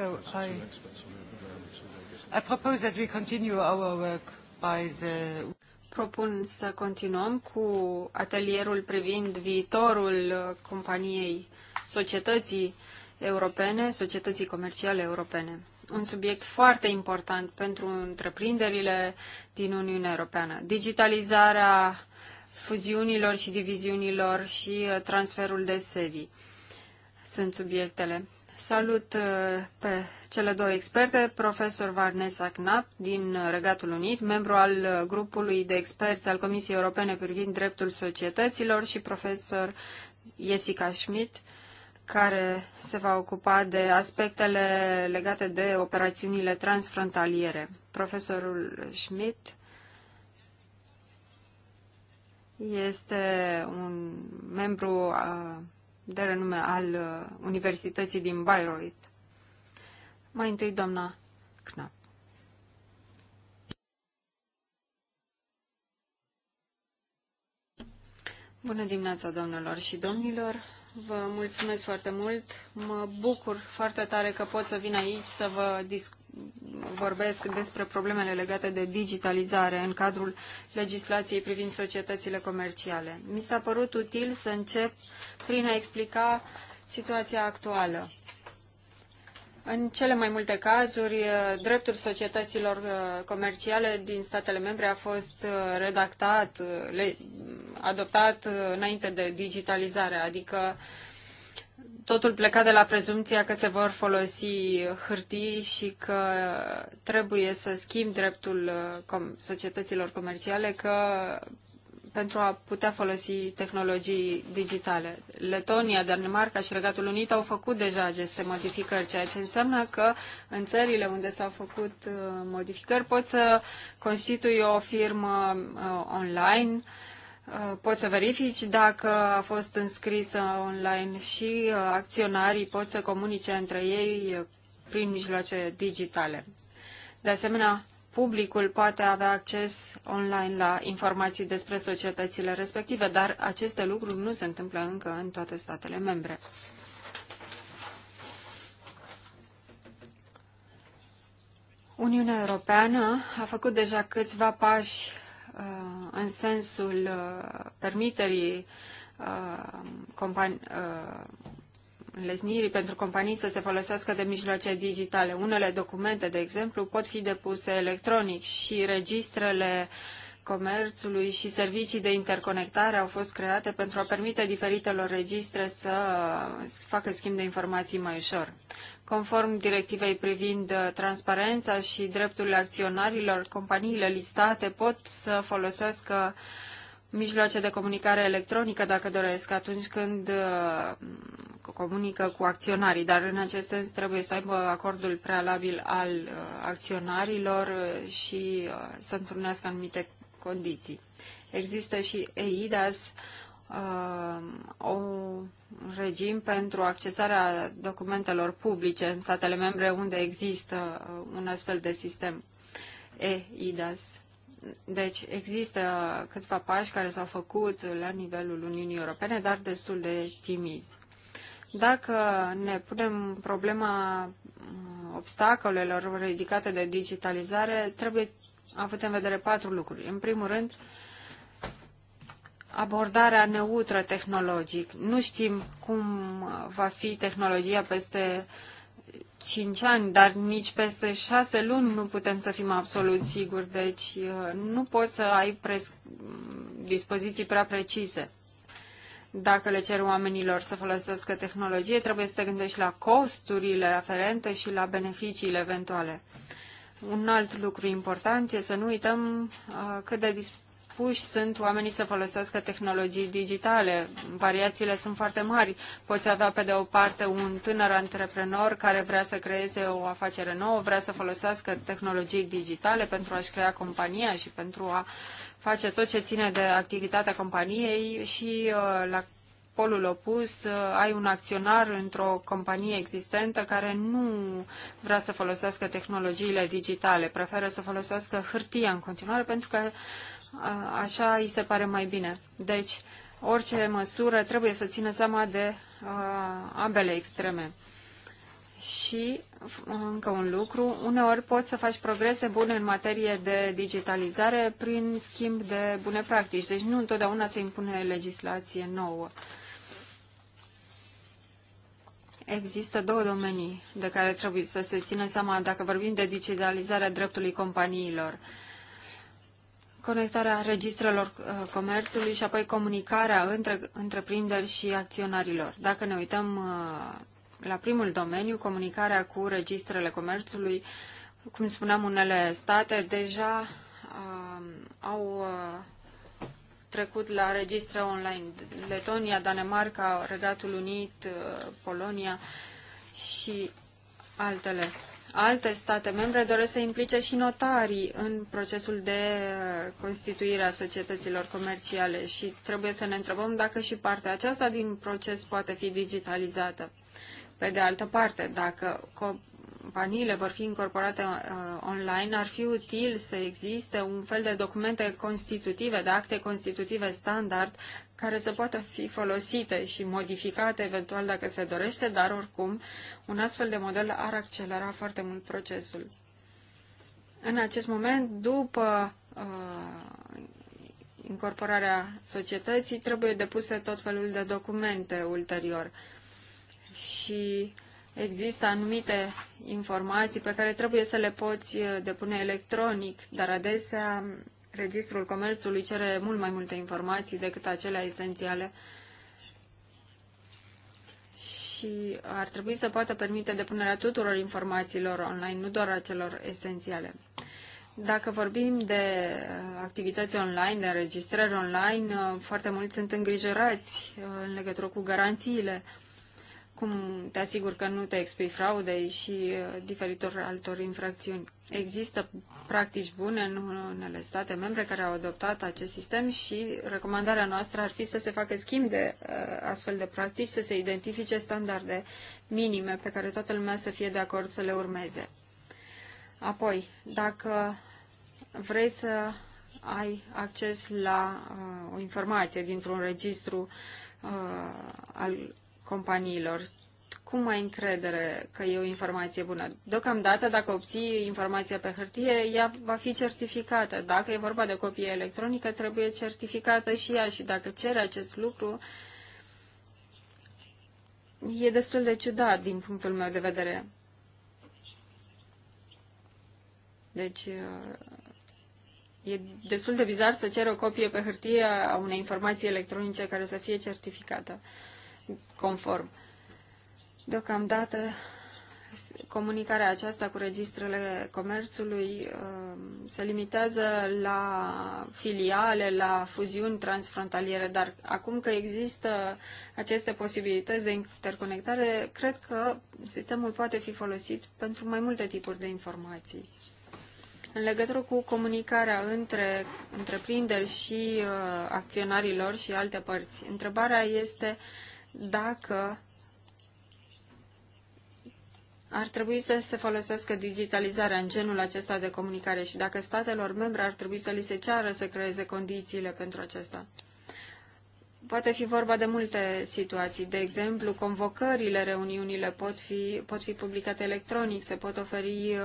So I, I propose that we continue our work by the... Propun să continuăm cu atelierul privind viitorul companiei societății europene, societății comerciale europene. Un subiect foarte important pentru întreprinderile din Uniunea Europeană. Digitalizarea fuziunilor și diviziunilor și uh, transferul de sedii sunt subiectele. Salut uh, pe cele două experte, profesor Varnesa Knapp din Regatul Unit, membru al uh, grupului de experți al Comisiei Europene privind dreptul societăților și profesor Jessica Schmidt, care se va ocupa de aspectele legate de operațiunile transfrontaliere. Profesorul Schmidt este un membru a uh, de renume al uh, Universității din Bayreuth. Mai întâi, doamna Knapp. Bună dimineața, domnilor și domnilor! Vă mulțumesc foarte mult! Mă bucur foarte tare că pot să vin aici să vă discut vorbesc despre problemele legate de digitalizare în cadrul legislației privind societățile comerciale. Mi s-a părut util să încep prin a explica situația actuală. În cele mai multe cazuri, eh, dreptul societăților eh, comerciale din statele membre a fost eh, redactat, adoptat înainte de digitalizare, adică totul pleca de la prezumția că se vor folosi hârtii și că trebuie să schimb dreptul uh, societăților comerciale că pentru a putea folosi tehnologii digitale. Letonia, Danemarca și Regatul Unit au făcut deja aceste modificări, ceea ce înseamnă că în țările unde s-au făcut uh, modificări pot să constitui o firmă uh, online uh, Uh, pot să verifici dacă a fost înscrisă online și uh, acționarii pot să comunice între ei uh, prin mijloace digitale. De asemenea, publicul poate avea acces online la informații despre societățile respective, dar aceste lucruri nu se întâmplă încă în toate statele membre. Uniunea Europeană a făcut deja câțiva pași Uh, în sensul uh, permiterii uh, leznirii pentru companii să se folosească de mijloace digitale. Unele documente, de exemplu, pot fi depuse electronic și registrele uh, comerțului și servicii de interconectare au fost create pentru a permite diferitelor registre să facă schimb de informații mai ușor. Conform directivei privind uh, transparența și drepturile acționarilor, companiile listate pot să folosească mijloace de comunicare electronică, dacă doresc, atunci când uh, comunică cu acționarii, dar în acest sens trebuie să aibă acordul prealabil al uh, acționarilor și să întrunească anumite condiții. Există și EIDAS, un uh, regim pentru accesarea documentelor publice în statele membre unde există uh, un astfel de sistem EIDAS. Deci există câțiva pași care s-au făcut la nivelul Uniunii Europene, dar destul de timizi. Dacă ne punem problema uh, obstacolelor ridicate de digitalizare, trebuie având în vedere patru lucruri. În primul rând, abordarea neutră tehnologic. Nu știm cum va fi tehnologia peste 5 ani, dar nici peste 6 luni nu putem să fim absolut siguri, deci uh, nu poți să ai pres- dispoziții prea precise. Dacă le cer oamenilor să folosească tehnologie, trebuie să te gândești la costurile aferente și la beneficiile eventuale. Un alt lucru important este să nu uităm uh, cât de dispuși sunt oamenii să folosească tehnologii digitale. Variațiile sunt foarte mari. Poți avea pe de o parte un tânăr antreprenor care vrea să creeze o afacere nouă, vrea să folosească tehnologii digitale pentru a-și crea compania și pentru a face tot ce ține de activitatea companiei și uh, la polul opus, uh, ai un acționar într-o companie existentă care nu vrea să folosească tehnologiile digitale, preferă să folosească hârtia în continuare pentru că uh, așa îi se pare mai bine. Deci, orice măsură trebuie să țină seama de uh, ambele extreme. Și, uh, încă un lucru, uneori poți să faci progrese bune în materie de digitalizare prin schimb de bune practici. Deci nu întotdeauna se impune legislație nouă există două domenii de care trebuie să se țină seama dacă vorbim de digitalizarea dreptului companiilor. Conectarea registrelor uh, comerțului și apoi comunicarea între întreprinderi și acționarilor. Dacă ne uităm uh, la primul domeniu, comunicarea cu registrele comerțului, cum spuneam, unele state deja uh, au trecut la registre online. Letonia, Danemarca, Regatul Unit, uh, Polonia și altele. Alte state membre doresc să implice și notarii în procesul de uh, constituire a societăților comerciale și trebuie să ne întrebăm dacă și partea aceasta din proces poate fi digitalizată. Pe de altă parte, dacă companiile vor fi incorporate uh, online, ar fi util să existe un fel de documente constitutive, de acte constitutive standard, care să poată fi folosite și modificate eventual dacă se dorește, dar oricum un astfel de model ar accelera foarte mult procesul. În acest moment, după uh, incorporarea societății, trebuie depuse tot felul de documente ulterior. Și uh, există anumite informații pe care trebuie să le poți uh, depune electronic, dar adesea Registrul Comerțului cere mult mai multe informații decât acelea esențiale și ar trebui să poată permite depunerea tuturor informațiilor online, nu doar a celor esențiale. Dacă vorbim de uh, activități online, de înregistrări online, uh, foarte mulți sunt îngrijorați în legătură cu garanțiile cum te asigur că nu te expui fraudei și uh, diferitor altor infracțiuni. Există practici bune în unele state membre care au adoptat acest sistem și recomandarea noastră ar fi să se facă schimb de uh, astfel de practici, să se identifice standarde minime pe care toată lumea să fie de acord să le urmeze. Apoi, dacă vrei să ai acces la uh, o informație dintr-un registru uh, al companiilor. Cum ai încredere că e o informație bună? Deocamdată, dacă obții informația pe hârtie, ea va fi certificată. Dacă e vorba de copie electronică, trebuie certificată și ea. Și dacă cere acest lucru, e destul de ciudat din punctul meu de vedere. Deci, e destul de bizar să cer o copie pe hârtie a unei informații electronice care să fie certificată conform. Deocamdată, comunicarea aceasta cu registrele comerțului um, se limitează la filiale, la fuziuni transfrontaliere, dar acum că există aceste posibilități de interconectare, cred că sistemul poate fi folosit pentru mai multe tipuri de informații. În legătură cu comunicarea între întreprinderi și uh, acționarilor și alte părți, întrebarea este uh, dacă ar trebui să se folosească digitalizarea în genul acesta de comunicare și dacă statelor membre ar trebui să li se ceară să creeze condițiile pentru acesta. Poate fi vorba de multe situații. De exemplu, convocările, reuniunile pot fi, pot fi publicate electronic, se pot oferi uh,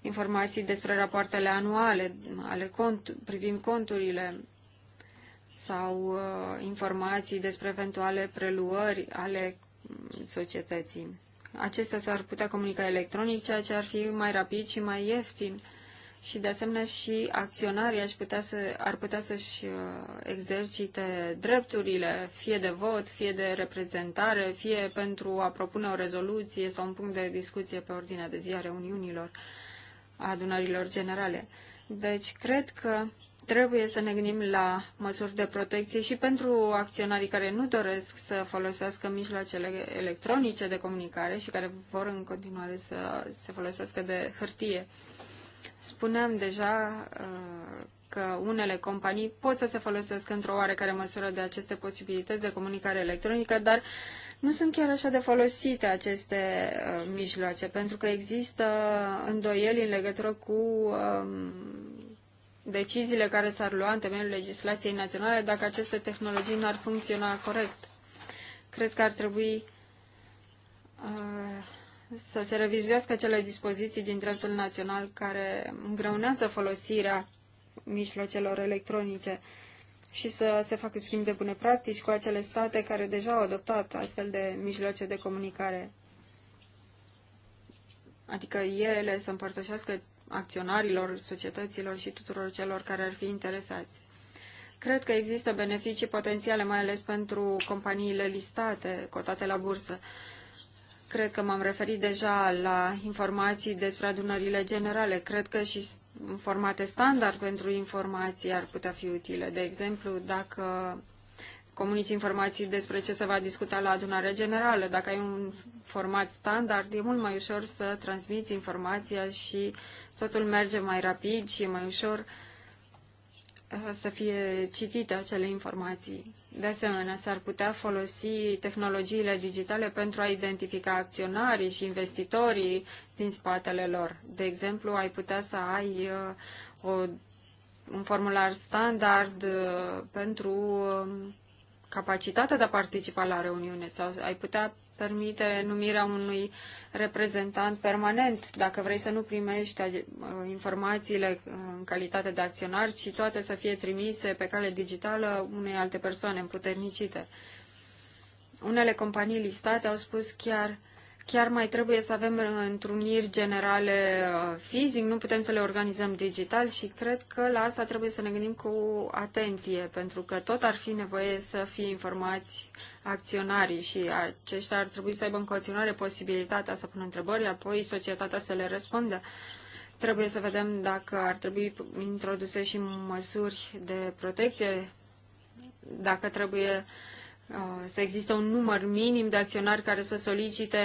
informații despre rapoartele anuale ale cont, privind conturile, sau uh, informații despre eventuale preluări ale societății. Acestea s-ar putea comunica electronic, ceea ce ar fi mai rapid și mai ieftin. Și de asemenea și acționarii aș putea să, ar putea să-și uh, exercite drepturile, fie de vot, fie de reprezentare, fie pentru a propune o rezoluție sau un punct de discuție pe ordinea de zi a reuniunilor, a adunărilor generale. Deci cred că Trebuie să ne gândim la măsuri de protecție și pentru acționarii care nu doresc să folosească mijloacele electronice de comunicare și care vor în continuare să se folosească de hârtie. Spuneam deja uh, că unele companii pot să se folosească într-o oarecare măsură de aceste posibilități de comunicare electronică, dar nu sunt chiar așa de folosite aceste uh, mijloace, pentru că există îndoieli în legătură cu um, deciziile care s-ar lua în temeiul legislației naționale dacă aceste tehnologii nu ar funcționa corect. Cred că ar trebui uh, să se revizuiască acele dispoziții din dreptul național care îngreunează folosirea mijloacelor electronice și să se facă schimb de bune practici cu acele state care deja au adoptat astfel de mijloace de comunicare. Adică ele să împărtășească acționarilor, societăților și tuturor celor care ar fi interesați. Cred că există beneficii potențiale, mai ales pentru companiile listate, cotate la bursă. Cred că m-am referit deja la informații despre adunările generale. Cred că și formate standard pentru informații ar putea fi utile. De exemplu, dacă comunici informații despre ce se va discuta la adunarea generală. Dacă ai un format standard, e mult mai ușor să transmiți informația și totul merge mai rapid și e mai ușor uh, să fie citite acele informații. De asemenea, s-ar putea folosi tehnologiile digitale pentru a identifica acționarii și investitorii din spatele lor. De exemplu, ai putea să ai uh, o, un formular standard uh, pentru um, capacitatea de a participa la reuniune sau ai putea permite numirea unui reprezentant permanent, dacă vrei să nu primești uh, informațiile uh, în calitate de acționar, ci toate să fie trimise pe cale digitală unei alte persoane împuternicite. Unele companii listate au spus chiar Chiar mai trebuie să avem uh, întruniri generale uh, fizic, nu putem să le organizăm digital și cred că la asta trebuie să ne gândim cu atenție, pentru că tot ar fi nevoie să fie informați acționarii și aceștia ar trebui să aibă în continuare posibilitatea să pună întrebări, apoi societatea să le răspundă. Trebuie să vedem dacă ar trebui introduse și măsuri de protecție, dacă trebuie uh, Uh, să existe un număr minim de acționari care să solicite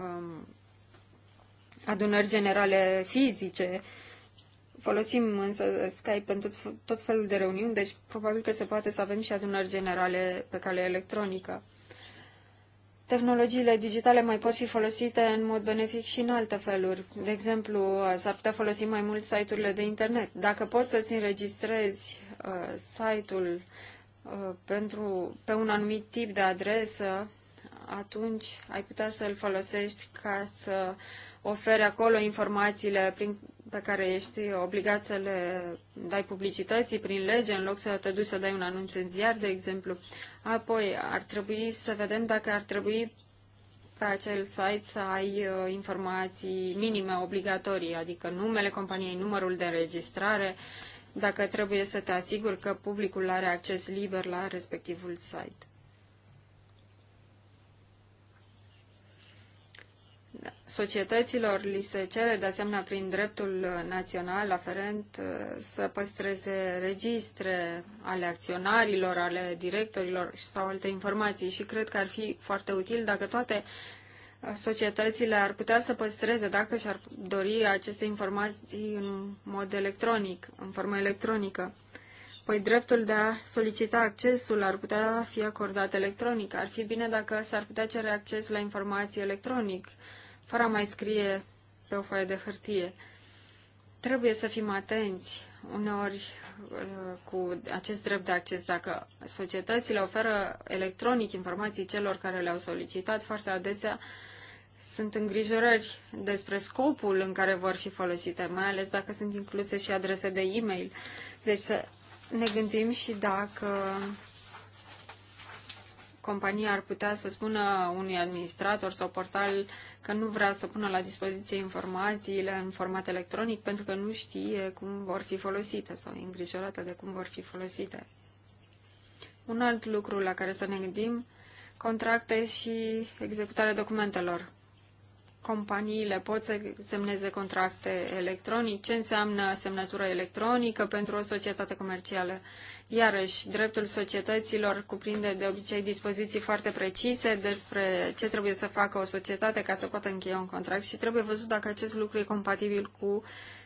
um, adunări generale fizice. Folosim însă Skype pentru tot felul de reuniuni, deci probabil că se poate să avem și adunări generale pe cale electronică. Tehnologiile digitale mai pot fi folosite în mod benefic și în alte feluri. De exemplu, s-ar putea folosi mai mult site-urile de internet. Dacă poți să-ți înregistrezi uh, site-ul Uh, pentru, pe un anumit tip de adresă, atunci ai putea să îl folosești ca să oferi acolo informațiile prin, pe care ești obligat să le dai publicității prin lege, în loc să te duci să dai un anunț în ziar, de exemplu. Apoi, ar trebui să vedem dacă ar trebui pe acel site să ai uh, informații minime obligatorii, adică numele companiei, numărul de înregistrare, dacă trebuie să te asiguri că publicul are acces liber la respectivul site. Da. Societăților li se cere, de asemenea, prin dreptul național aferent, uh, să păstreze registre ale acționarilor, ale directorilor sau alte informații și cred că ar fi foarte util dacă toate societățile ar putea să păstreze, dacă și-ar dori, aceste informații în mod electronic, în formă electronică. Păi dreptul de a solicita accesul ar putea fi acordat electronic. Ar fi bine dacă s-ar putea cere acces la informații electronic, fără a mai scrie pe o foaie de hârtie. Trebuie să fim atenți uneori uh, cu acest drept de acces. Dacă societățile oferă electronic informații celor care le-au solicitat, foarte adesea sunt îngrijorări despre scopul în care vor fi folosite, mai ales dacă sunt incluse și adrese de e-mail. Deci să ne gândim și dacă compania ar putea să spună unui administrator sau portal că nu vrea să pună la dispoziție informațiile în format electronic pentru că nu știe cum vor fi folosite sau e îngrijorată de cum vor fi folosite. Un alt lucru la care să ne gândim, contracte și executarea documentelor companiile pot să semneze contracte electronice, ce înseamnă semnătură electronică pentru o societate comercială. Iarăși, dreptul societăților cuprinde de obicei dispoziții foarte precise despre ce trebuie să facă o societate ca să poată încheia un contract și trebuie văzut dacă acest lucru e compatibil cu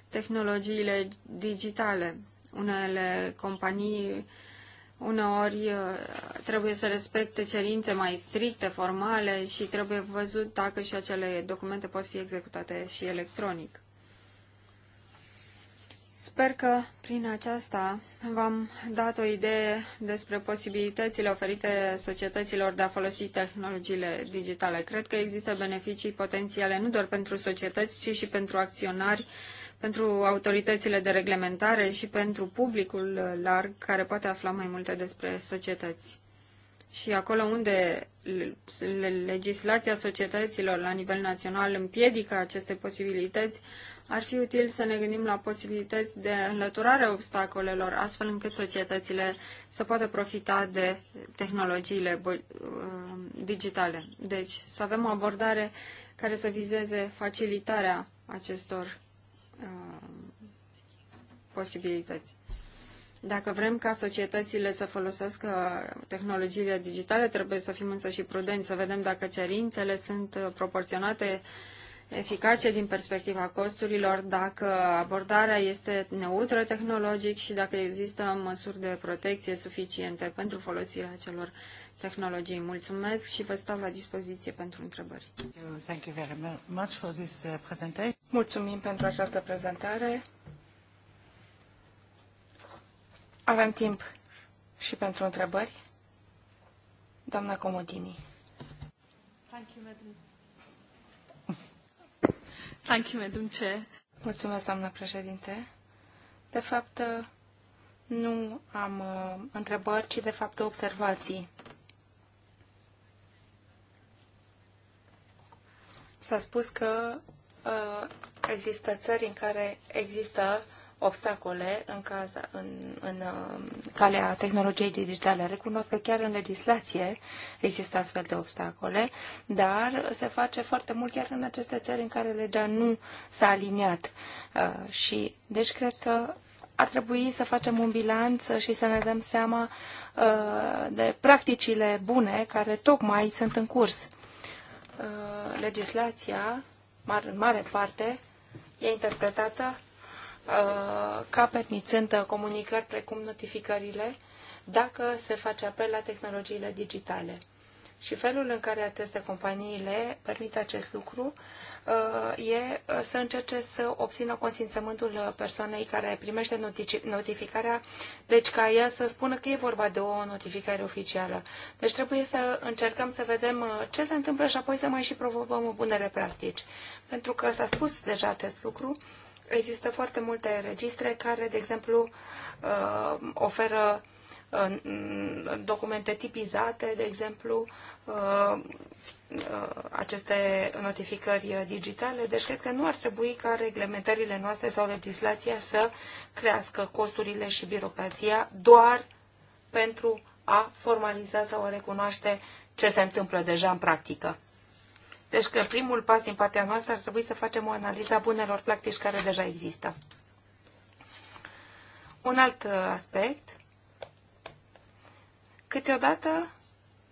tehnologiile digitale. Unele companii uneori uh, trebuie să respecte cerințe mai stricte, formale și trebuie văzut dacă și acele documente pot fi executate și electronic. Sper că prin aceasta v-am dat o idee despre posibilitățile oferite societăților de a folosi tehnologiile digitale. Cred că există beneficii potențiale nu doar pentru societăți, ci și pentru acționari, pentru autoritățile de reglementare și pentru publicul larg care poate afla mai multe despre societăți. Și acolo unde legislația societăților la nivel național împiedică aceste posibilități, ar fi util să ne gândim la posibilități de înlăturare a obstacolelor, astfel încât societățile să poată profita de tehnologiile uh, digitale. Deci, să avem o abordare care să vizeze facilitarea acestor Uh, posibilități. Dacă vrem ca societățile să folosească tehnologiile digitale, trebuie să fim însă și prudenți, să vedem dacă cerințele sunt proporționate uh, eficace din perspectiva costurilor, dacă abordarea este neutră tehnologic și dacă există măsuri de protecție suficiente pentru folosirea acelor tehnologii. Mulțumesc și vă stau la dispoziție pentru întrebări. Uh, Mulțumim pentru această prezentare. Avem timp și pentru întrebări. Doamna Comodini. Thank you, Madam Thank you, Madam Chair. Mulțumesc, doamnă președinte. De fapt, nu am uh, întrebări, ci de fapt observații. S-a spus că uh, există țări în care există obstacole în, caza, în, în uh, calea tehnologiei digitale. Recunosc că chiar în legislație există astfel de obstacole, dar se face foarte mult chiar în aceste țări în care legea nu s-a aliniat. Uh, și deci cred că ar trebui să facem un bilanț și să ne dăm seama uh, de practicile bune care tocmai sunt în curs. Legislația, în mare parte, e interpretată Uh, ca permițând comunicări precum notificările dacă se face apel la tehnologiile digitale. Și felul în care aceste companii le permit acest lucru uh, e uh, să încerce să obțină consimțământul persoanei care primește notificarea, deci ca ea să spună că e vorba de o notificare oficială. Deci trebuie să încercăm să vedem ce se întâmplă și apoi să mai și provocăm bunele practici. Pentru că s-a spus deja acest lucru, Există foarte multe registre care, de exemplu, uh, oferă uh, documente tipizate, de exemplu, uh, aceste notificări digitale. Deci cred că nu ar trebui ca reglementările noastre sau legislația să crească costurile și birocrația doar pentru a formaliza sau a recunoaște ce se întâmplă deja în practică. Deci că primul pas din partea noastră ar trebui să facem o analiză a bunelor practici care deja există. Un alt uh, aspect. Câteodată,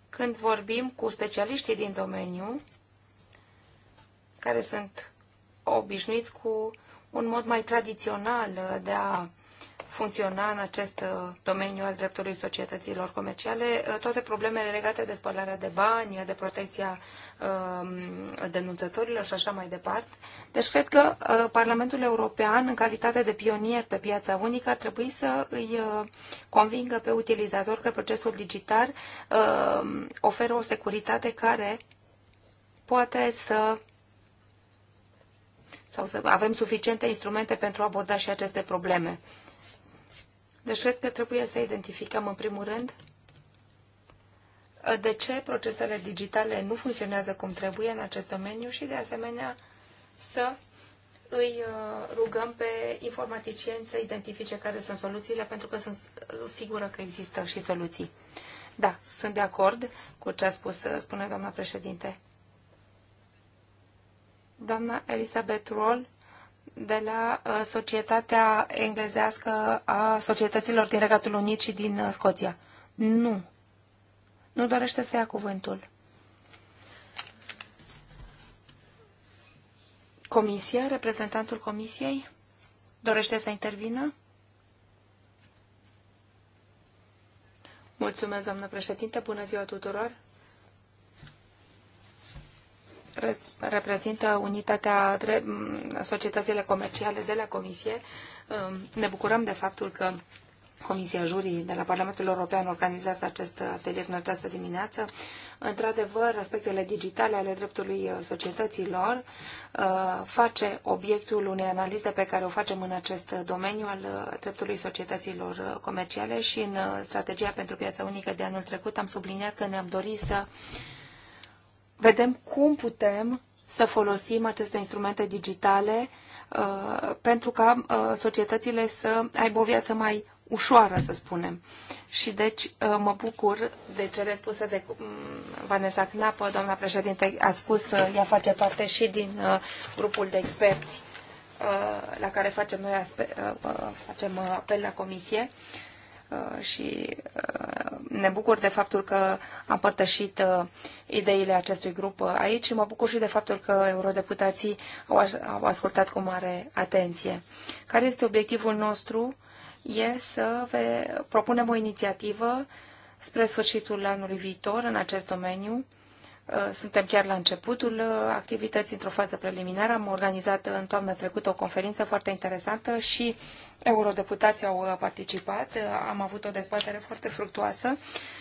când vorbim cu specialiștii din domeniu, care sunt obișnuiți cu un mod mai tradițional de a funcționa în acest uh, domeniu al dreptului societăților comerciale uh, toate problemele legate de spălarea de bani, de protecția um, denunțătorilor și așa mai departe. Deci cred că uh, Parlamentul European, în calitate de pionier pe piața unică, ar trebui să îi convingă pe utilizator că procesul digital um, oferă o securitate care poate să sau să avem suficiente instrumente pentru a aborda și aceste probleme. Deci cred că trebuie să identificăm în primul rând de ce procesele digitale nu funcționează cum trebuie în acest domeniu și de asemenea să îi uh, rugăm pe informaticieni să identifice care sunt soluțiile, pentru că sunt uh, sigură că există și soluții. Da, sunt de acord cu ce a spus, uh, spune doamna președinte. Doamna Elisabeth Roll de la uh, societatea englezească a societăților din Regatul Unit și din uh, Scoția. Nu. Nu dorește să ia cuvântul. Comisia, reprezentantul comisiei, dorește să intervină? Mulțumesc, doamnă președinte. Bună ziua tuturor reprezintă unitatea societățile comerciale de la Comisie. Um, ne bucurăm de faptul că Comisia Jurii de la Parlamentul European organizează acest atelier în această dimineață. Într-adevăr, aspectele digitale ale dreptului uh, societăților uh, face obiectul unei analize pe care o facem în acest domeniu al uh, dreptului societăților comerciale și în strategia pentru piața unică de anul trecut am subliniat că ne-am dorit să vedem cum putem să folosim aceste instrumente digitale uh, pentru ca uh, societățile să aibă o viață mai ușoară, să spunem. Și deci uh, mă bucur de cele spuse de mm, Vanessa Knapă, doamna președinte, a spus, că ea face parte și din uh, grupul de experți uh, la care facem noi facem apel la comisie Uh, și uh, ne bucur de faptul că am părtășit uh, ideile acestui grup aici și mă bucur și de faptul că eurodeputații au ascultat cu mare atenție. Care este obiectivul nostru? E să propunem o inițiativă spre sfârșitul anului viitor în acest domeniu Uh, suntem chiar la începutul uh, activității, într-o fază preliminară. Am organizat uh, în toamnă trecută o conferință foarte interesantă și eurodeputații au participat. Am avut o dezbatere foarte fructuoasă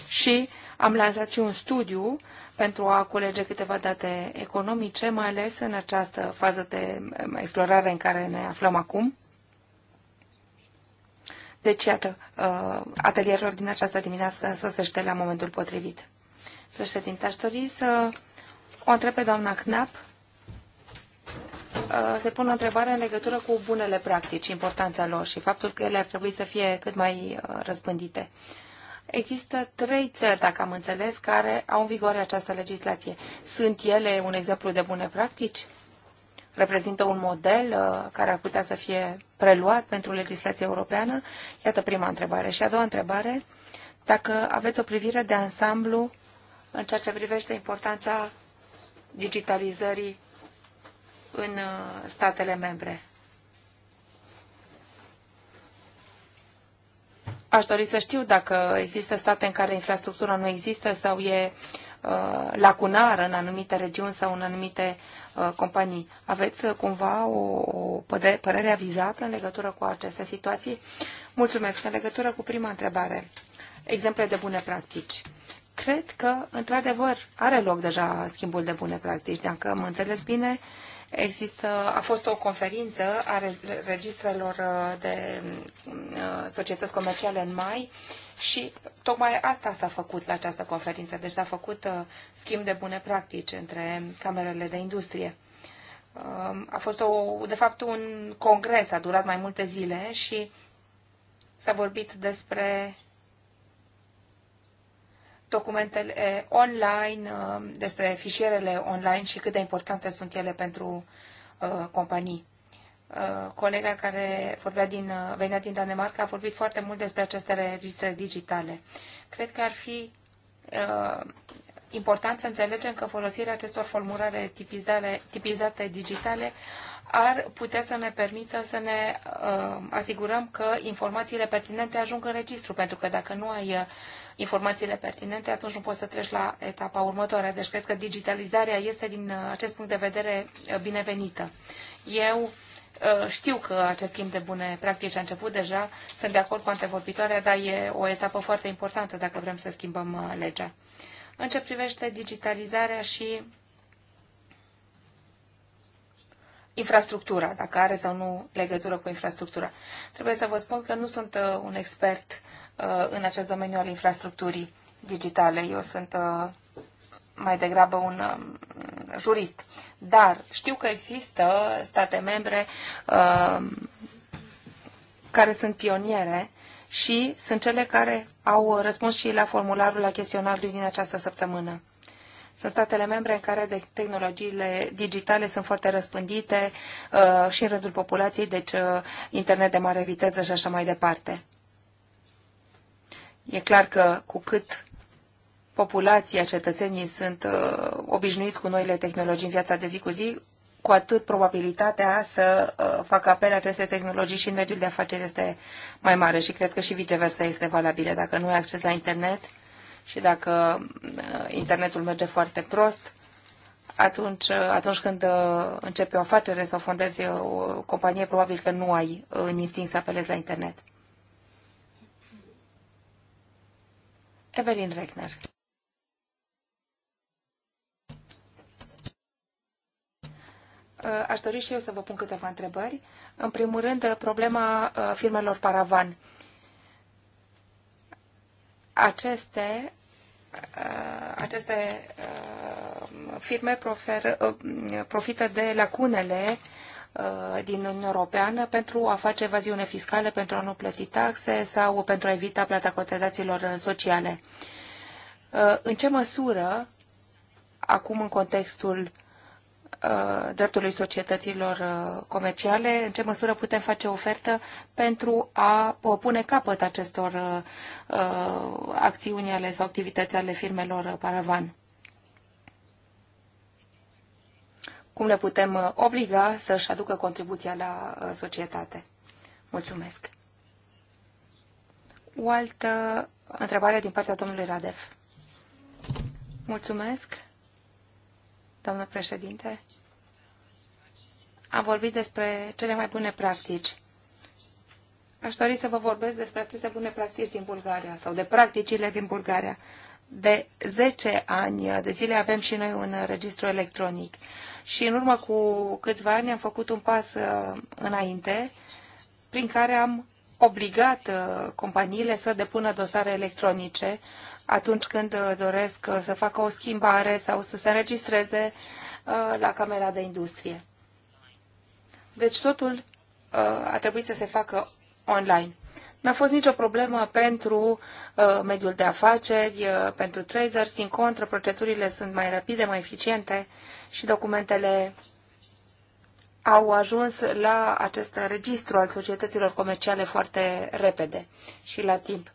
și am lansat și un studiu pentru a culege câteva date economice, mai ales în această fază de um, explorare în care ne aflăm acum. Deci, iată, atelierul din această dimineață sosește la momentul potrivit președinte. Aș dori să o întreb pe doamna Knap. Uh, se pune o întrebare în legătură cu bunele practici, importanța lor și faptul că ele ar trebui să fie cât mai uh, răspândite. Există trei țări, dacă am înțeles, care au în vigoare această legislație. Sunt ele un exemplu de bune practici? Reprezintă un model uh, care ar putea să fie preluat pentru legislația europeană? Iată prima întrebare. Și a doua întrebare, dacă aveți o privire de ansamblu în ceea ce privește importanța digitalizării în uh, statele membre. Aș dori să știu dacă există state în care infrastructura nu există sau e uh, lacunară în anumite regiuni sau în anumite uh, companii. Aveți uh, cumva o, o părere avizată în legătură cu aceste situații? Mulțumesc. În legătură cu prima întrebare, exemple de bune practici cred că, într-adevăr, are loc deja schimbul de bune practici. Dacă am înțeles bine, există, a fost o conferință a registrelor uh, de uh, societăți comerciale în mai și tocmai asta s-a făcut la această conferință. Deci s-a făcut uh, schimb de bune practici între camerele de industrie. Um, a fost, o, de fapt, un congres, a durat mai multe zile și s-a vorbit despre documentele eh, online, eh, despre fișierele online și cât de importante sunt ele pentru eh, companii. Colega care vorbea din, venea din Danemarca a vorbit foarte mult despre aceste registre digitale. Cred că ar fi important să înțelegem că folosirea acestor formulare tipizate, tipizate digitale ar putea să ne permită să ne uh, asigurăm că informațiile pertinente ajung în registru, pentru că dacă nu ai informațiile pertinente, atunci nu poți să treci la etapa următoare. Deci cred că digitalizarea este din acest punct de vedere binevenită. Eu uh, știu că acest schimb de bune practici a început deja, sunt de acord cu antevorbitoarea, dar e o etapă foarte importantă dacă vrem să schimbăm uh, legea. În ce privește digitalizarea și infrastructura, dacă are sau nu legătură cu infrastructura. Trebuie să vă spun că nu sunt uh, un expert Uh, în acest domeniu al infrastructurii digitale. Eu sunt uh, mai degrabă un um, jurist. Dar știu că există state membre um, care sunt pioniere și sunt cele care au răspuns și la formularul la chestionarul din această săptămână. Sunt statele membre în care tehnologiile digitale sunt foarte răspândite uh, și în rândul populației, deci uh, internet de mare viteză și așa mai departe. E clar că cu cât populația, cetățenii sunt uh, obișnuiți cu noile tehnologii în viața de zi cu zi, cu atât probabilitatea să uh, facă apel aceste tehnologii și în mediul de afaceri este mai mare și cred că și viceversa este valabilă. Dacă nu ai acces la internet și dacă uh, internetul merge foarte prost, atunci, uh, atunci când uh, începi o afacere sau fondezi uh, o companie, probabil că nu ai uh, în instinct să apelezi la internet. Evelyn Regner. Aș dori și eu să vă pun câteva întrebări. În primul rând, problema uh, firmelor paravan. Aceste uh, aceste uh, firme profer, profită de lacunele Uh, din Uniunea Europeană pentru a face evaziune fiscală, pentru a nu plăti taxe sau pentru a evita plata cotizațiilor sociale. Uh, în ce măsură, acum în contextul uh, dreptului societăților comerciale, în ce măsură putem face ofertă pentru a pune capăt acestor acțiuni ale sau activități ale firmelor paravan? cum le putem uh, obliga să-și aducă contribuția la uh, societate. Mulțumesc. O altă întrebare din partea domnului Radev. Mulțumesc, domnul președinte. Am vorbit despre cele mai bune practici. Aș dori să vă vorbesc despre aceste bune practici din Bulgaria sau de practicile din Bulgaria. De 10 ani de zile avem și noi un registru electronic și în urmă cu câțiva ani am făcut un pas uh, înainte prin care am obligat uh, companiile să depună dosare electronice atunci când uh, doresc să facă o schimbare sau să se înregistreze la Camera de Industrie. Deci totul a trebuit să se facă online. N-a fost nicio problemă pentru uh, mediul de afaceri, uh, pentru traders. Din contră, procedurile sunt mai rapide, mai eficiente și documentele au ajuns la acest registru al societăților comerciale foarte repede și la timp.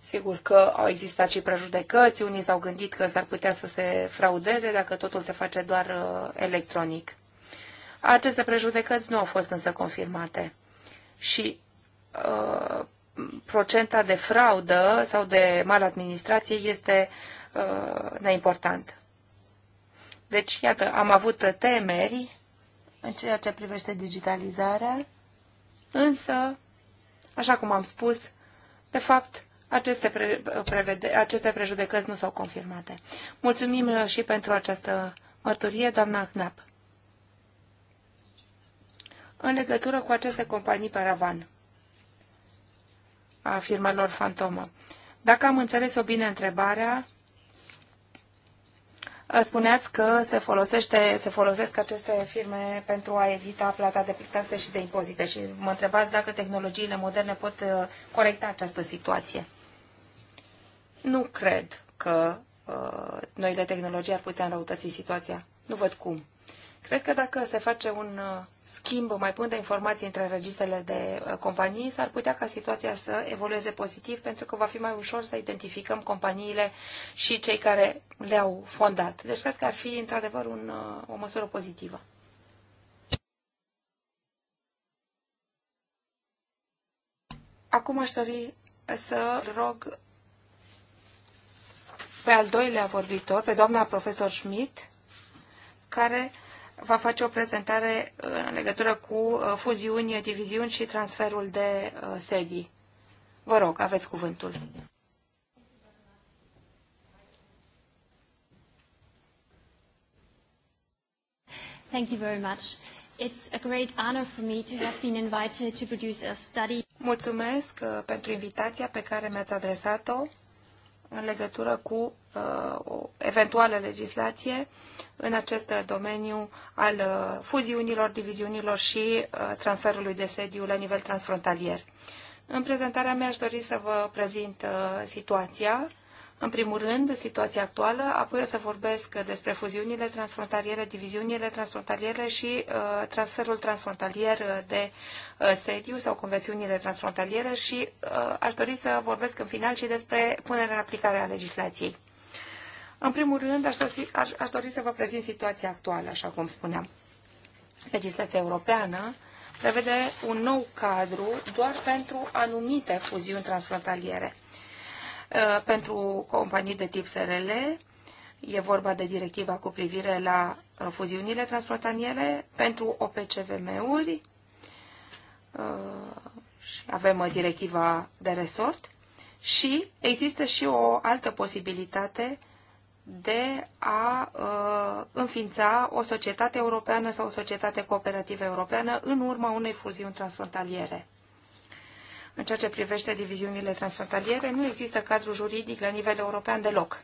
Sigur că au existat și prejudecăți, unii s-au gândit că s-ar putea să se fraudeze dacă totul se face doar uh, electronic. Aceste prejudecăți nu au fost însă confirmate și Uh, procenta de fraudă sau de maladministrație este uh, neimportant. Deci, iată, am avut temeri în ceea ce privește digitalizarea, însă, așa cum am spus, de fapt, aceste, pre, prevede, aceste prejudecăți nu s-au confirmate. Mulțumim uh, și pentru această mărturie, doamna Knapp. În legătură cu aceste companii paravan, a firmelor fantomă. Dacă am înțeles-o bine întrebarea, spuneați că se, folosește, se folosesc aceste firme pentru a evita plata de taxe și de impozite și mă întrebați dacă tehnologiile moderne pot uh, corecta această situație. Nu cred că uh, noile tehnologii ar putea înrăutăți situația. Nu văd cum. Cred că dacă se face un uh, schimb mai bun de informații între registrele de uh, companii, s-ar putea ca situația să evolueze pozitiv, pentru că va fi mai ușor să identificăm companiile și cei care le-au fondat. Deci cred că ar fi într-adevăr uh, o măsură pozitivă. Acum aș dori să rog pe al doilea vorbitor, pe doamna profesor Schmidt, care va face o prezentare în legătură cu uh, fuziuni, diviziuni și transferul de uh, sedii. Vă rog, aveți cuvântul. Thank you very much. It's a great honor for me to have been invited to produce a study. Mulțumesc uh, pentru invitația pe care mi-ați adresat-o în legătură cu uh, o eventuală legislație în acest domeniu al uh, fuziunilor, diviziunilor și uh, transferului de sediu la nivel transfrontalier. În prezentarea mea aș dori să vă prezint uh, situația în primul rând, situația actuală, apoi o să vorbesc despre fuziunile transfrontaliere, diviziunile transfrontaliere și uh, transferul transfrontalier de uh, sediu sau convențiunile transfrontaliere și uh, aș dori să vorbesc în final și despre punerea în aplicare a legislației. În primul rând, aș dori, aș, aș dori să vă prezint situația actuală, așa cum spuneam. Legislația europeană prevede un nou cadru doar pentru anumite fuziuni transfrontaliere Uh, pentru companii de tip SRL. E vorba de directiva cu privire la uh, fuziunile transfrontaliere pentru OPCVM-uri uh, și avem directiva de resort și există și o altă posibilitate de a uh, înființa o societate europeană sau o societate cooperativă europeană în urma unei fuziuni transfrontaliere. În ceea ce privește diviziunile transfrontaliere, nu există cadru juridic la nivel european deloc.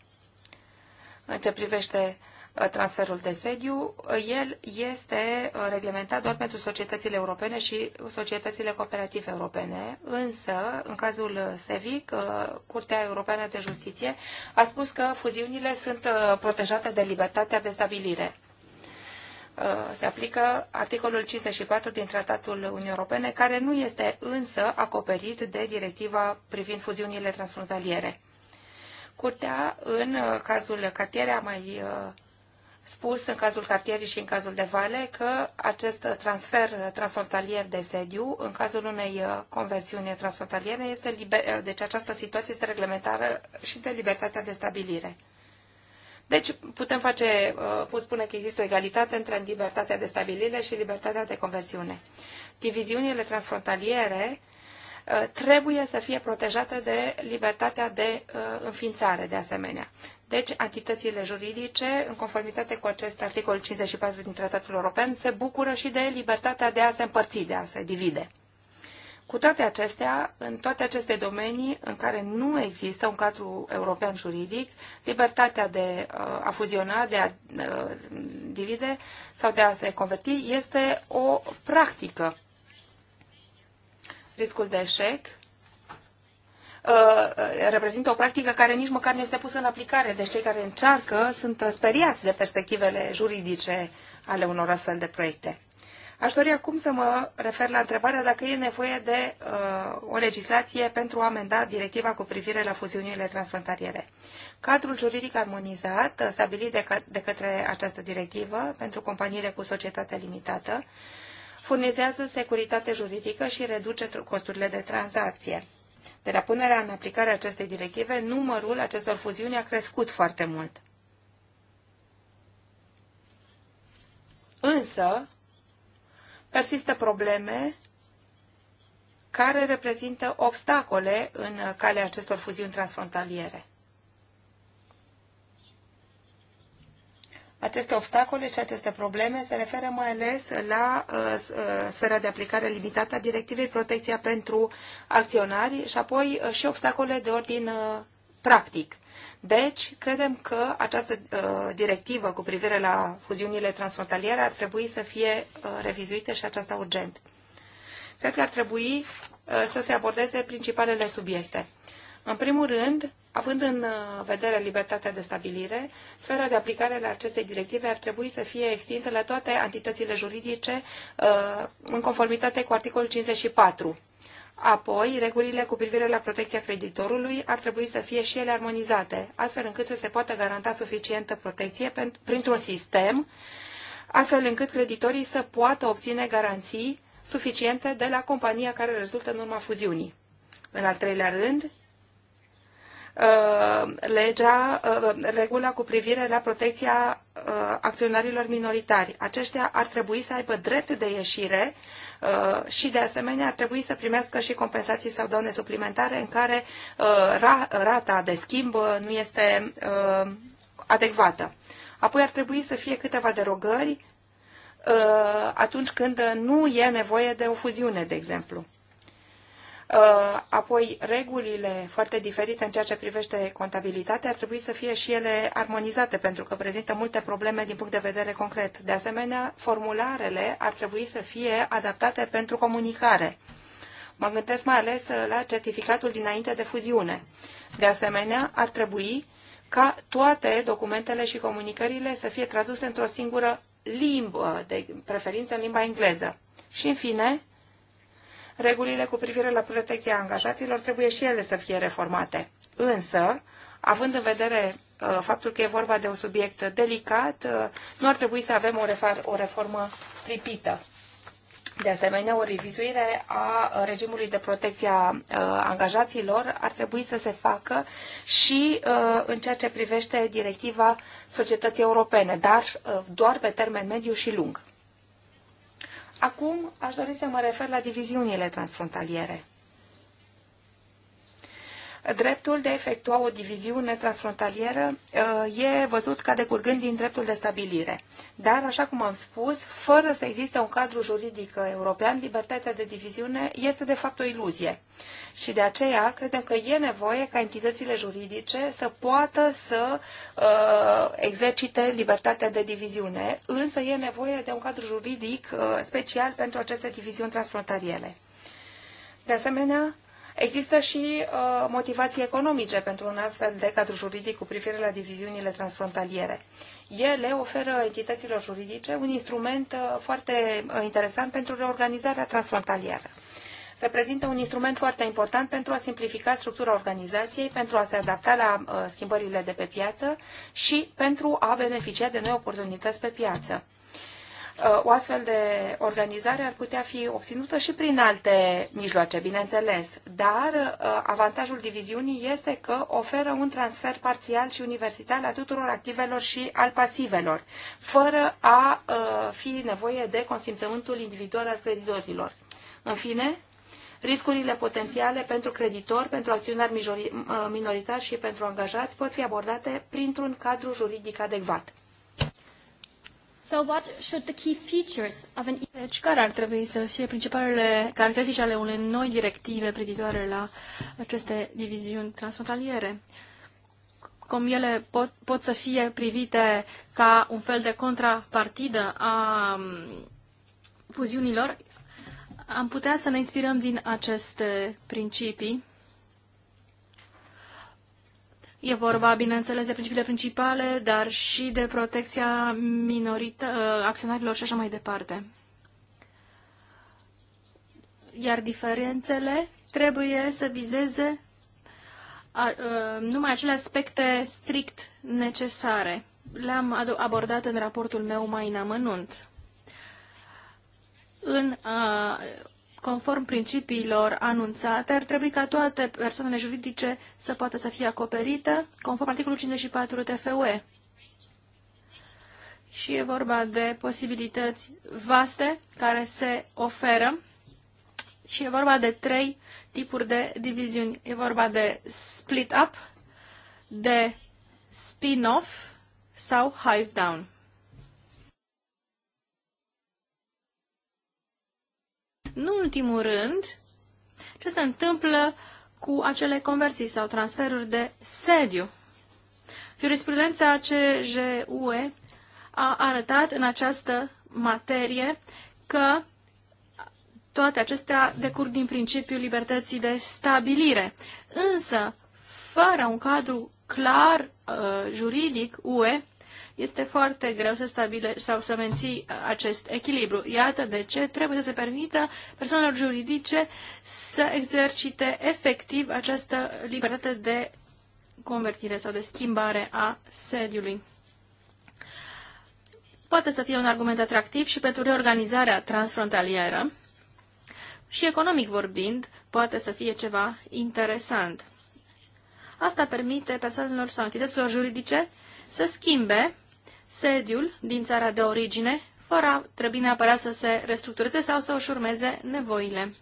În ce privește uh, transferul de sediu, uh, el este uh, reglementat doar pentru societățile europene și societățile cooperative europene, însă, în cazul SEVIC, Curtea Europeană de Justiție a spus că fuziunile sunt protejate de libertatea de stabilire. Uh, se aplică articolul 54 din Tratatul Uniunii Europene, care nu este însă acoperit de directiva privind fuziunile transfrontaliere. Curtea, în uh, cazul cartiere, a mai uh, spus, în cazul cartierii și în cazul de vale, că acest transfer transfrontalier de sediu, în cazul unei conversiuni transfrontaliere, este liber, deci această situație este reglementară și de libertatea de stabilire. Deci putem face, uh, pot spune că există o egalitate între libertatea de stabilire și libertatea de conversiune. Diviziunile transfrontaliere uh, trebuie să fie protejate de libertatea de uh, înființare, de asemenea. Deci, entitățile juridice, în conformitate cu acest articol 54 din Tratatul European, se bucură și de libertatea de a se împărți, de a se divide. Cu toate acestea, în toate aceste domenii în care nu există un cadru european juridic, libertatea de uh, a fuziona, de a uh, divide sau de a se converti este o practică. Riscul de eșec uh, reprezintă o practică care nici măcar nu este pusă în aplicare. Deci cei care încearcă sunt speriați de perspectivele juridice ale unor astfel de proiecte. Aș dori acum să mă refer la întrebarea dacă e nevoie de uh, o legislație pentru a amenda directiva cu privire la fuziunile transfrontaliere. Cadrul juridic armonizat uh, stabilit de, de către această directivă pentru companiile cu societate limitată furnizează securitate juridică și reduce costurile de tranzacție. De la punerea în aplicare acestei directive, numărul acestor fuziuni a crescut foarte mult. Însă, persistă probleme care reprezintă obstacole în calea acestor fuziuni transfrontaliere. Aceste obstacole și aceste probleme se referă mai ales la uh, uh sfera de aplicare limitată a directivei protecția pentru acționari și apoi uh, și obstacole de ordin uh, practic. Deci, credem că această uh, directivă cu privire la fuziunile transfrontaliere ar trebui să fie uh, revizuită și aceasta urgent. Cred că ar trebui uh, să se abordeze principalele subiecte. În primul rând, având în uh, vedere libertatea de stabilire, sfera de aplicare la acestei directive ar trebui să fie extinsă la toate entitățile juridice uh, în conformitate cu articolul 54 Apoi, regulile cu privire la protecția creditorului ar trebui să fie și ele armonizate, astfel încât să se poată garanta suficientă protecție printr-un sistem, astfel încât creditorii să poată obține garanții suficiente de la compania care rezultă în urma fuziunii. În al treilea rând, Uh, legea, uh, regula cu privire la protecția uh, acționarilor minoritari. Aceștia ar trebui să aibă drept de ieșire și, de asemenea, ar trebui să primească și compensații sau daune suplimentare în care rata de schimb nu este adecvată. Apoi ar trebui să fie câteva derogări atunci când nu e nevoie de o fuziune, de exemplu. Uh, apoi regulile foarte diferite în ceea ce privește contabilitatea ar trebui să fie și ele armonizate, pentru că prezintă multe probleme din punct de vedere concret. De asemenea, formularele ar trebui să fie adaptate pentru comunicare. Mă gândesc mai ales la certificatul dinainte de fuziune. De asemenea, ar trebui ca toate documentele și comunicările să fie traduse într-o singură limbă, de preferință în limba engleză. Și, în fine, regulile cu privire la protecția angajaților trebuie și ele să fie reformate. Însă, având în vedere uh, faptul că e vorba de un subiect delicat, uh, nu ar trebui să avem o, reformă pripită. De asemenea, o revizuire a regimului de protecție a uh, angajaților ar trebui să se facă și în ceea ce privește directiva societății europene, dar doar pe termen mediu și lung. Acum aș dori să mă refer la diviziunile transfrontaliere dreptul de a efectua o diviziune transfrontalieră uh, e văzut ca decurgând din dreptul de stabilire. Dar, așa cum am spus, fără să existe un cadru juridic european, libertatea de diviziune este de fapt o iluzie. Și de aceea credem că e nevoie ca entitățile juridice să poată să uh, exercite libertatea de diviziune, însă e nevoie de un cadru juridic uh, special pentru aceste diviziuni transfrontaliere. De asemenea, Există și uh, motivații economice pentru un astfel de cadru juridic cu privire la diviziunile transfrontaliere. Ele oferă entităților juridice un instrument uh, foarte uh, interesant pentru reorganizarea transfrontalieră. Reprezintă un instrument foarte important pentru a simplifica structura organizației, pentru a se adapta la uh, schimbările de pe piață și pentru a beneficia de noi oportunități pe piață. Uh, o astfel de organizare ar putea fi obținută și prin alte mijloace, bineînțeles, dar uh, avantajul diviziunii este că oferă un transfer parțial și universitar al tuturor activelor și al pasivelor, fără a uh, fi nevoie de consimțământul individual al creditorilor. În fine, Riscurile potențiale pentru creditor, pentru acționari minoritari și pentru angajați pot fi abordate printr-un cadru juridic adecvat. So what should the key features of an... Deci care ar trebui să fie principalele caracteristici ale unei noi directive privitoare la aceste diviziuni transfrontaliere? Cum ele pot, pot să fie privite ca un fel de contrapartidă a um, fuziunilor, am putea să ne inspirăm din aceste principii E vorba, bineînțeles, de principiile principale, dar și de protecția minorită, acționarilor și așa mai departe. Iar diferențele trebuie să vizeze numai acele aspecte strict necesare. Le-am abordat în raportul meu mai în amănunt. În conform principiilor anunțate, ar trebui ca toate persoanele juridice să poată să fie acoperite, conform articolul 54 TFUE. Și e vorba de posibilități vaste care se oferă și e vorba de trei tipuri de diviziuni. E vorba de split-up, de spin-off sau hive-down. Nu în ultimul rând, ce se întâmplă cu acele conversii sau transferuri de sediu. Jurisprudența CJUE a arătat în această materie că toate acestea decurg din principiul libertății de stabilire. Însă, fără un cadru clar uh, juridic, UE este foarte greu să stabile sau să menții acest echilibru. Iată de ce trebuie să se permită persoanelor juridice să exercite efectiv această libertate de convertire sau de schimbare a sediului. Poate să fie un argument atractiv și pentru reorganizarea transfrontalieră și economic vorbind, poate să fie ceva interesant. Asta permite persoanelor sau entităților juridice să schimbe sediul din țara de origine, fără a trebui neapărat să se restructureze sau să își urmeze nevoile.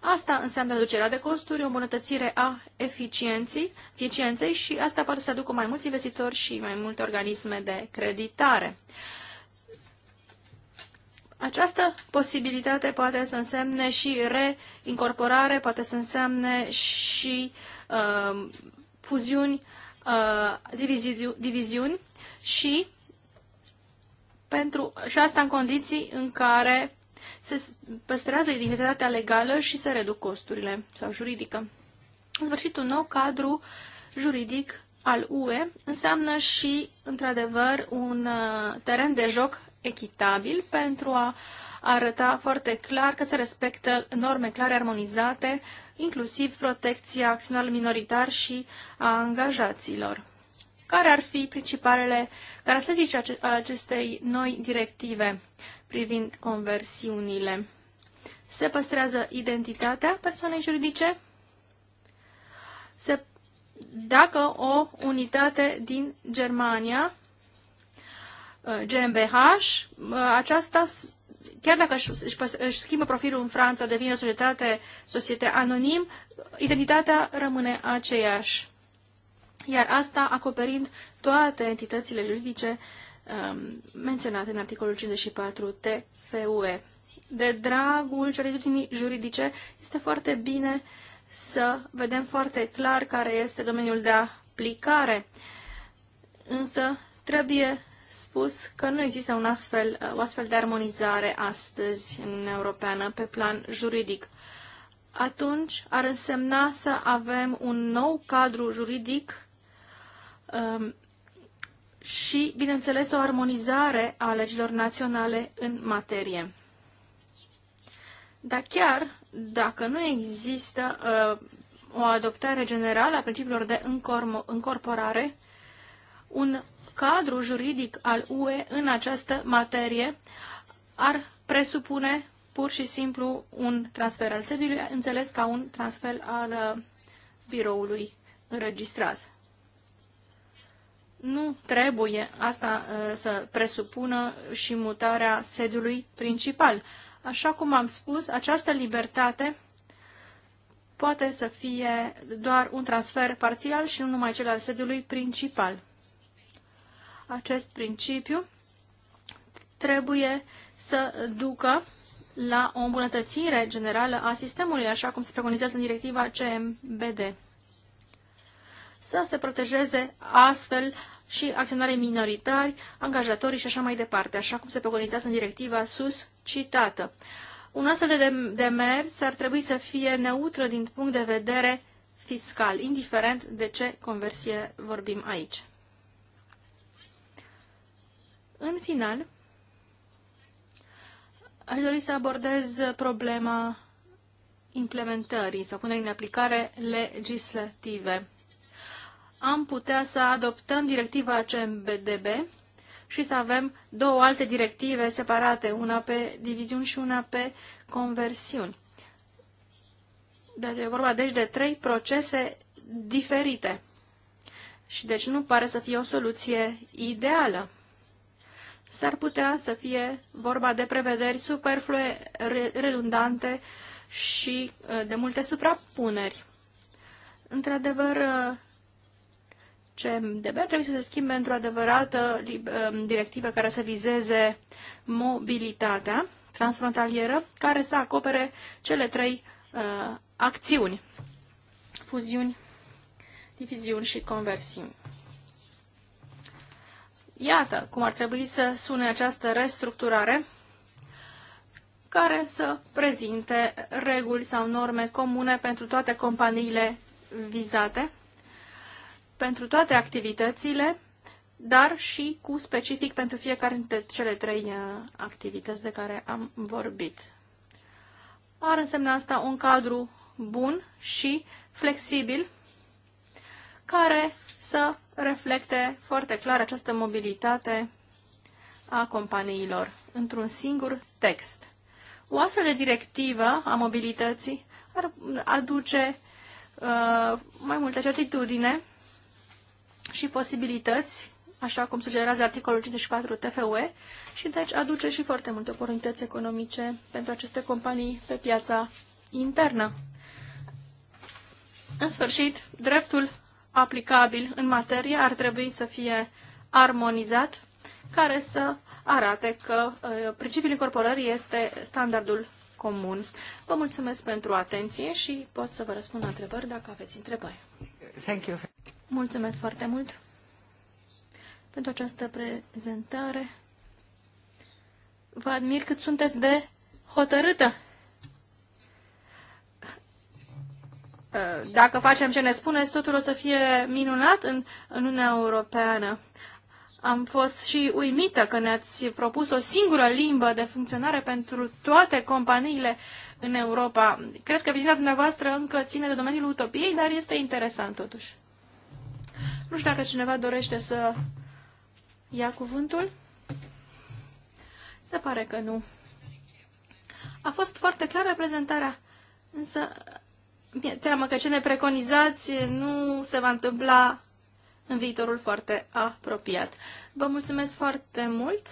Asta înseamnă reducerea de costuri, o îmbunătățire a eficienței, eficienței și asta poate să aducă mai mulți investitori și mai multe organisme de creditare. Această posibilitate poate să însemne și reincorporare, poate să însemne și uh, fuziuni, uh, diviziuni și pentru, și asta în condiții în care se păstrează identitatea legală și se reduc costurile sau juridică. În sfârșit, un nou cadru juridic al UE înseamnă și, într-adevăr, un uh, teren de joc echitabil pentru a arăta foarte clar că se respectă norme clare armonizate, inclusiv protecția acțiunilor minoritar și a angajaților. Care ar fi principalele caracteristici ale acestei noi directive privind conversiunile? Se păstrează identitatea persoanei juridice? Se, dacă o unitate din Germania, GmbH, uh, uh, aceasta chiar dacă își, își, schimbă profilul în Franța, devine o societate, societate anonim, identitatea rămâne aceeași iar asta acoperind toate entitățile juridice um, menționate în articolul 54 TFUE. De dragul certitudinii juridice, este foarte bine să vedem foarte clar care este domeniul de aplicare, însă trebuie spus că nu există un astfel, o astfel de armonizare astăzi în Uniunea Europeană pe plan juridic. Atunci ar însemna să avem un nou cadru juridic Um, și, bineînțeles, o armonizare a legilor naționale în materie. Dar chiar dacă nu există uh, o adoptare generală a principiilor de încorporare, un cadru juridic al UE în această materie ar presupune pur și simplu un transfer al sediului, înțeles ca un transfer al uh, biroului înregistrat nu trebuie asta ă, să presupună și mutarea sediului principal. Așa cum am spus, această libertate poate să fie doar un transfer parțial și nu numai cel al sediului principal. Acest principiu trebuie să ducă la o îmbunătățire generală a sistemului, așa cum se preconizează în directiva CMBD să se protejeze astfel și acționarii minoritari, angajatorii și așa mai departe, așa cum se preconizează în directiva sus citată. Un astfel de demers ar trebui să fie neutră din punct de vedere fiscal, indiferent de ce conversie vorbim aici. În final, aș dori să abordez problema implementării sau punerii în aplicare legislative am putea să adoptăm directiva CMBDB și să avem două alte directive separate, una pe diviziuni și una pe conversiuni. Deci e vorba deci de trei procese diferite. Și deci nu pare să fie o soluție ideală. S-ar putea să fie vorba de prevederi superflue, redundante și uh, de multe suprapuneri. Într-adevăr, uh, CMDB ar trebui să se schimbe într-o adevărată um, directivă care să vizeze mobilitatea transfrontalieră, care să acopere cele trei uh, acțiuni, fuziuni, diviziuni și conversiuni. Iată cum ar trebui să sune această restructurare care să prezinte reguli sau norme comune pentru toate companiile vizate pentru toate activitățile, dar și cu specific pentru fiecare dintre cele trei uh, activități de care am vorbit. Ar însemna asta un cadru bun și flexibil care să reflecte foarte clar această mobilitate a companiilor într-un singur text. O astfel de directivă a mobilității ar aduce uh, mai multă certitudine și posibilități, așa cum sugerează articolul 54 TFUE, și deci aduce și foarte multe oportunități economice pentru aceste companii pe piața internă. În sfârșit, dreptul aplicabil în materie ar trebui să fie armonizat, care să arate că uh, principiul incorporării este standardul comun. Vă mulțumesc pentru atenție și pot să vă răspund la întrebări dacă aveți întrebări. Thank you. Mulțumesc foarte mult pentru această prezentare. Vă admir cât sunteți de hotărâtă. Dacă facem ce ne spuneți, totul o să fie minunat în, în Uniunea Europeană. Am fost și uimită că ne-ați propus o singură limbă de funcționare pentru toate companiile în Europa. Cred că viziunea dumneavoastră încă ține de domeniul utopiei, dar este interesant totuși. Nu știu dacă cineva dorește să ia cuvântul. Se pare că nu. A fost foarte clară prezentarea, însă mi-e teamă că ce ne preconizați nu se va întâmpla în viitorul foarte apropiat. Vă mulțumesc foarte mult!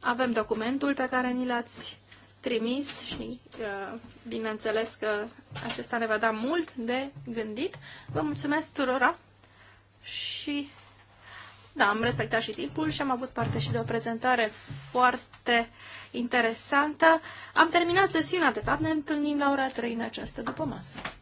Avem documentul pe care ni l-ați trimis și, uh, bineînțeles, că acesta ne va da mult de gândit. Vă mulțumesc tuturora și, da, am respectat și timpul și am avut parte și de o prezentare foarte interesantă. Am terminat sesiunea, de fapt ne întâlnim la ora 3 în această după masă.